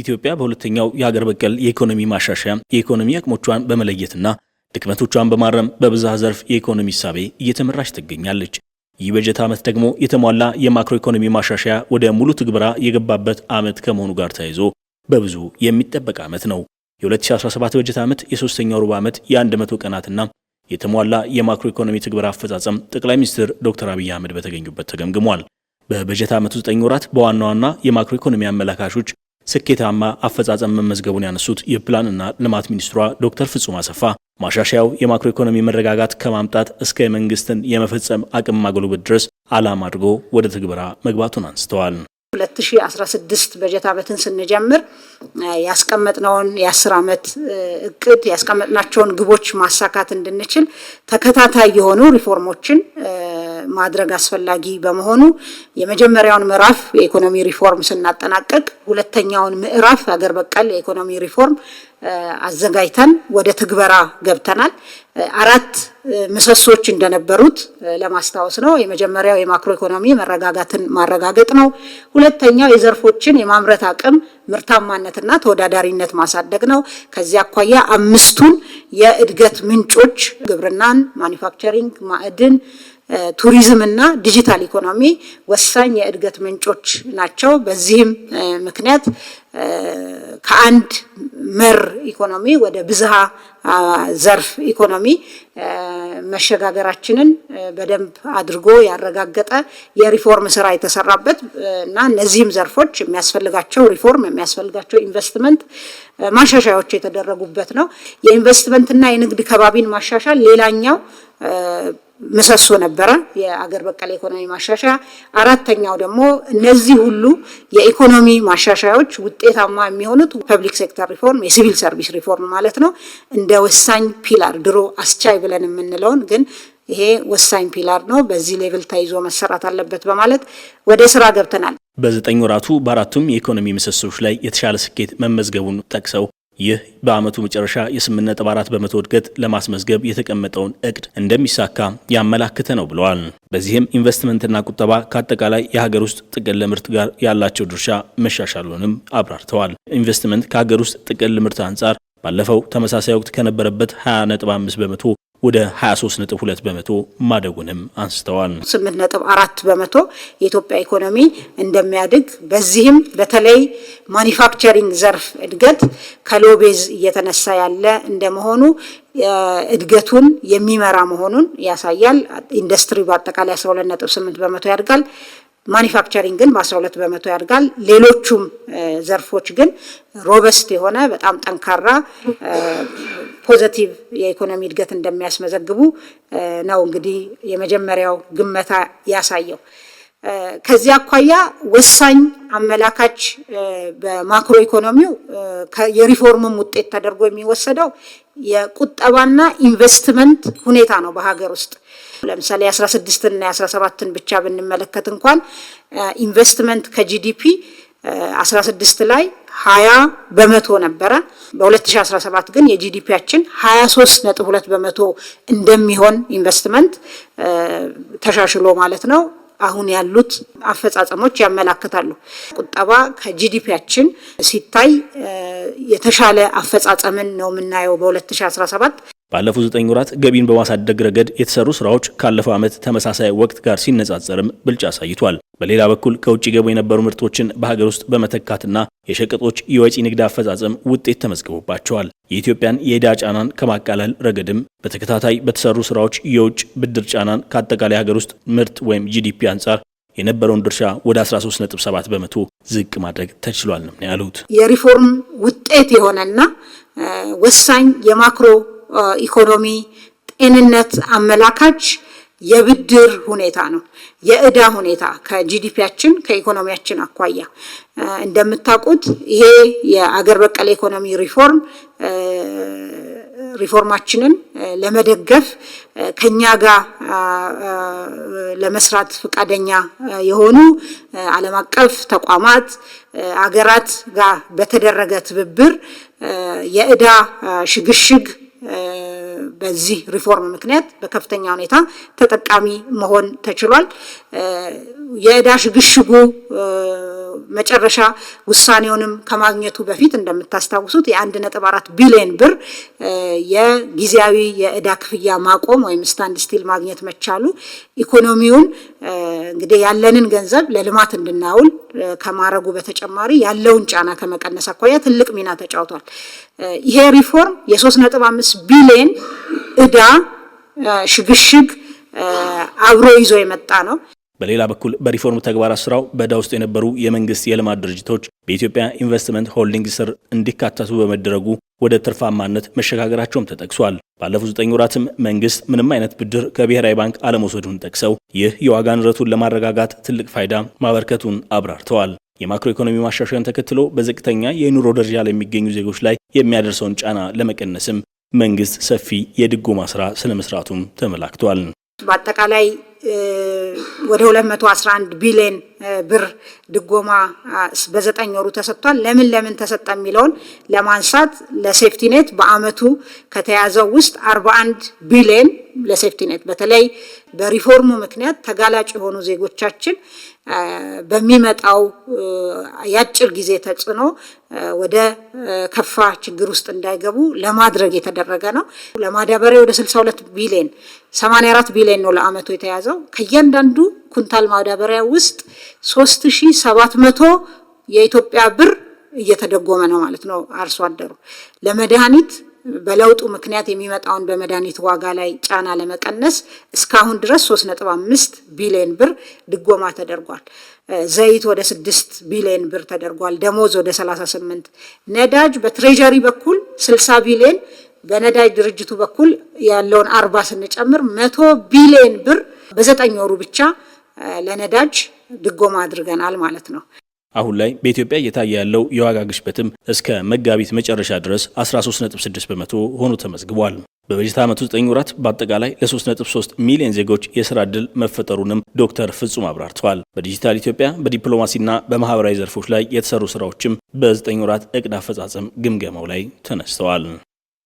ኢትዮጵያ በሁለተኛው የሀገር በቀል የኢኮኖሚ ማሻሻያ የኢኮኖሚ አቅሞቿን በመለየትና ድክመቶቿን በማረም በብዝሃ ዘርፍ የኢኮኖሚ ሳቤ እየተመራች ትገኛለች። ይህ በጀት ዓመት ደግሞ የተሟላ የማክሮ ኢኮኖሚ ማሻሻያ ወደ ሙሉ ትግበራ የገባበት ዓመት ከመሆኑ ጋር ተያይዞ በብዙ የሚጠበቅ ዓመት ነው። የ2017 በጀት ዓመት የሶስተኛው ሩብ ዓመት የ100 ቀናትና የተሟላ የማክሮ ኢኮኖሚ ትግበራ አፈጻጸም ጠቅላይ ሚኒስትር ዶክተር አብይ አህመድ በተገኙበት ተገምግሟል። በበጀት ዓመቱ 9 ወራት በዋና ዋና የማክሮ ኢኮኖሚ አመላካሾች ስኬታማ አፈጻጸም መመዝገቡን ያነሱት የፕላንና ልማት ሚኒስትሯ ዶክተር ፍጹም አሰፋ ማሻሻያው የማክሮ ኢኮኖሚ መረጋጋት ከማምጣት እስከ መንግስትን የመፈጸም አቅም ማጎልበት ድረስ ዓላማ አድርጎ ወደ ትግበራ መግባቱን አንስተዋል። 2016 በጀት ዓመትን ስንጀምር ያስቀመጥነውን የአስር ዓመት እቅድ ያስቀመጥናቸውን ግቦች ማሳካት እንድንችል ተከታታይ የሆኑ ሪፎርሞችን ማድረግ አስፈላጊ በመሆኑ የመጀመሪያውን ምዕራፍ የኢኮኖሚ ሪፎርም ስናጠናቀቅ ሁለተኛውን ምዕራፍ ሀገር በቀል የኢኮኖሚ ሪፎርም አዘጋጅተን ወደ ትግበራ ገብተናል። አራት ምሰሶች እንደነበሩት ለማስታወስ ነው። የመጀመሪያው የማክሮ ኢኮኖሚ መረጋጋትን ማረጋገጥ ነው። ሁለተኛው የዘርፎችን የማምረት አቅም ምርታማነትና ተወዳዳሪነት ማሳደግ ነው። ከዚያ አኳያ አምስቱን የእድገት ምንጮች ግብርናን፣ ማኒፋክቸሪንግ፣ ማዕድን ቱሪዝም እና ዲጂታል ኢኮኖሚ ወሳኝ የእድገት ምንጮች ናቸው። በዚህም ምክንያት ከአንድ መር ኢኮኖሚ ወደ ብዝሃ ዘርፍ ኢኮኖሚ መሸጋገራችንን በደንብ አድርጎ ያረጋገጠ የሪፎርም ስራ የተሰራበት እና እነዚህም ዘርፎች የሚያስፈልጋቸው ሪፎርም የሚያስፈልጋቸው ኢንቨስትመንት ማሻሻያዎች የተደረጉበት ነው። የኢንቨስትመንትና የንግድ ከባቢን ማሻሻል ሌላኛው ምሰሶ ነበረ የአገር በቀል ኢኮኖሚ ማሻሻያ። አራተኛው ደግሞ እነዚህ ሁሉ የኢኮኖሚ ማሻሻያዎች ውጤታማ የሚሆኑት ፐብሊክ ሴክተር ሪፎርም፣ የሲቪል ሰርቪስ ሪፎርም ማለት ነው እንደ ወሳኝ ፒላር ድሮ አስቻይ ብለን የምንለውን ግን ይሄ ወሳኝ ፒላር ነው፣ በዚህ ሌቭል ተይዞ መሰራት አለበት በማለት ወደ ስራ ገብተናል። በዘጠኝ ወራቱ በአራቱም የኢኮኖሚ ምሰሶች ላይ የተሻለ ስኬት መመዝገቡን ጠቅሰው ይህ በዓመቱ መጨረሻ የ አራት በመቶ እድገት ለማስመዝገብ የተቀመጠውን እቅድ እንደሚሳካ ያመላክተ ነው ብለዋል። በዚህም ኢንቨስትመንትና ቁጠባ ከአጠቃላይ የሀገር ውስጥ ጥቅል ምርት ጋር ያላቸው ድርሻ መሻሻሉንም አብራርተዋል። ኢንቨስትመንት ከሀገር ውስጥ ጥቅል ምርት አንጻር ባለፈው ተመሳሳይ ወቅት ከነበረበት 20.5 በመቶ ወደ 23.2 በመቶ ማደጉንም አንስተዋል። 8.4 በመቶ የኢትዮጵያ ኢኮኖሚ እንደሚያድግ በዚህም በተለይ ማኒፋክቸሪንግ ዘርፍ እድገት ከሎቤዝ እየተነሳ ያለ እንደመሆኑ እድገቱን የሚመራ መሆኑን ያሳያል። ኢንዱስትሪ በአጠቃላይ 12.8 በመቶ ያድጋል። ማኒፋክቸሪንግ ግን በ12 በመቶ ያድጋል። ሌሎቹም ዘርፎች ግን ሮበስት የሆነ በጣም ጠንካራ ፖዘቲቭ የኢኮኖሚ እድገት እንደሚያስመዘግቡ ነው እንግዲህ የመጀመሪያው ግመታ ያሳየው። ከዚህ አኳያ ወሳኝ አመላካች በማክሮ ኢኮኖሚው የሪፎርምም ውጤት ተደርጎ የሚወሰደው የቁጠባና ኢንቨስትመንት ሁኔታ ነው በሀገር ውስጥ። ለምሳሌ የአስራ ስድስትን እና የአስራ ሰባትን ብቻ ብንመለከት እንኳን ኢንቨስትመንት ከጂዲፒ 16 ላይ 20 በመቶ ነበረ። በ2017 ግን የጂዲፒያችን 23.2 በመቶ እንደሚሆን ኢንቨስትመንት ተሻሽሎ ማለት ነው አሁን ያሉት አፈጻጸሞች ያመላክታሉ። ቁጠባ ከጂዲፒያችን ሲታይ የተሻለ አፈጻጸምን ነው የምናየው በ2017 ባለፉት ዘጠኝ ወራት ገቢን በማሳደግ ረገድ የተሰሩ ስራዎች ካለፈው ዓመት ተመሳሳይ ወቅት ጋር ሲነጻጸርም ብልጫ አሳይቷል። በሌላ በኩል ከውጭ ገቡ የነበሩ ምርቶችን በሀገር ውስጥ በመተካትና የሸቀጦች የወጪ ንግድ አፈጻጸም ውጤት ተመዝግቦባቸዋል። የኢትዮጵያን የዕዳ ጫናን ከማቃለል ረገድም በተከታታይ በተሰሩ ስራዎች የውጭ ብድር ጫናን ከአጠቃላይ ሀገር ውስጥ ምርት ወይም ጂዲፒ አንጻር የነበረውን ድርሻ ወደ 13.7 በመቶ ዝቅ ማድረግ ተችሏል ነው ያሉት። የሪፎርም ውጤት የሆነና ወሳኝ የማክሮ ኢኮኖሚ ጤንነት አመላካች የብድር ሁኔታ ነው። የእዳ ሁኔታ ከጂዲፒያችን ከኢኮኖሚያችን አኳያ እንደምታውቁት ይሄ የአገር በቀል ኢኮኖሚ ሪፎርም ሪፎርማችንን ለመደገፍ ከኛ ጋር ለመስራት ፈቃደኛ የሆኑ ዓለም አቀፍ ተቋማት አገራት ጋር በተደረገ ትብብር የእዳ ሽግሽግ በዚህ ሪፎርም ምክንያት በከፍተኛ ሁኔታ ተጠቃሚ መሆን ተችሏል። የዕዳ ሽግሽጉ መጨረሻ ውሳኔውንም ከማግኘቱ በፊት እንደምታስታውሱት የአንድ ነጥብ አራት ቢሊዮን ብር የጊዜያዊ የዕዳ ክፍያ ማቆም ወይም ስታንድ ስቲል ማግኘት መቻሉ ኢኮኖሚውን እንግዲህ ያለንን ገንዘብ ለልማት እንድናውል ከማድረጉ በተጨማሪ ያለውን ጫና ከመቀነስ አኳያ ትልቅ ሚና ተጫውቷል። ይሄ ሪፎርም የሶስት ነጥብ አምስት ቢሊዮን እዳ ሽግሽግ አብሮ ይዞ የመጣ ነው። በሌላ በኩል በሪፎርም ተግባራት ስራው በዕዳ ውስጥ የነበሩ የመንግስት የልማት ድርጅቶች በኢትዮጵያ ኢንቨስትመንት ሆልዲንግ ስር እንዲካተቱ በመደረጉ ወደ ትርፋማነት መሸጋገራቸውም ተጠቅሷል። ባለፉት ዘጠኝ ወራትም መንግስት ምንም አይነት ብድር ከብሔራዊ ባንክ አለመውሰዱን ጠቅሰው ይህ የዋጋ ንረቱን ለማረጋጋት ትልቅ ፋይዳ ማበርከቱን አብራርተዋል። የማክሮ ኢኮኖሚ ማሻሻያን ተከትሎ በዝቅተኛ የኑሮ ደረጃ ላይ የሚገኙ ዜጎች ላይ የሚያደርሰውን ጫና ለመቀነስም መንግስት ሰፊ የድጎማ ስራ ስለመስራቱም ተመላክቷል። በአጠቃላይ ወደ 211 ቢሊዮን ብር ድጎማ በዘጠኝ ወሩ ተሰጥቷል። ለምን ለምን ተሰጠ የሚለውን ለማንሳት ለሴፍቲኔት በአመቱ ከተያዘው ውስጥ 41 ቢሊዮን ለሴፍቲኔት በተለይ በሪፎርሙ ምክንያት ተጋላጭ የሆኑ ዜጎቻችን በሚመጣው የአጭር ጊዜ ተጽዕኖ ወደ ከፋ ችግር ውስጥ እንዳይገቡ ለማድረግ የተደረገ ነው። ለማዳበሪያ ወደ 62 ቢሊዮን 84 ቢሊዮን ነው ለአመቱ የተያዘው። የያዘው ከእያንዳንዱ ኩንታል ማዳበሪያ ውስጥ መቶ የኢትዮጵያ ብር እየተደጎመ ነው ማለት ነው። አርሶ አደሩ ለመድኃኒት በለውጡ ምክንያት የሚመጣውን በመድኃኒት ዋጋ ላይ ጫና ለመቀነስ እስካሁን ድረስ 3.5 ቢሊዮን ብር ድጎማ ተደርጓል። ዘይት ወደ 6 ቢሊዮን ብር ተደርጓል። ደሞዝ ወደ 38፣ ነዳጅ በትሬጀሪ በኩል ስልሳ ቢሊዮን በነዳጅ ድርጅቱ በኩል ያለውን አርባ ስንጨምር መቶ ቢሊዮን ብር በዘጠኝ ወሩ ብቻ ለነዳጅ ድጎማ አድርገናል ማለት ነው። አሁን ላይ በኢትዮጵያ እየታየ ያለው የዋጋ ግሽበትም እስከ መጋቢት መጨረሻ ድረስ 13.6 በመቶ ሆኖ ተመዝግቧል። በበጀት ዓመቱ 9 ወራት በአጠቃላይ ለ3.3 ሚሊዮን ዜጎች የስራ ዕድል መፈጠሩንም ዶክተር ፍጹም አብራርተዋል። በዲጂታል ኢትዮጵያ በዲፕሎማሲና በማህበራዊ ዘርፎች ላይ የተሰሩ ስራዎችም በ9 ወራት እቅድ አፈጻጸም ግምገማው ላይ ተነስተዋል።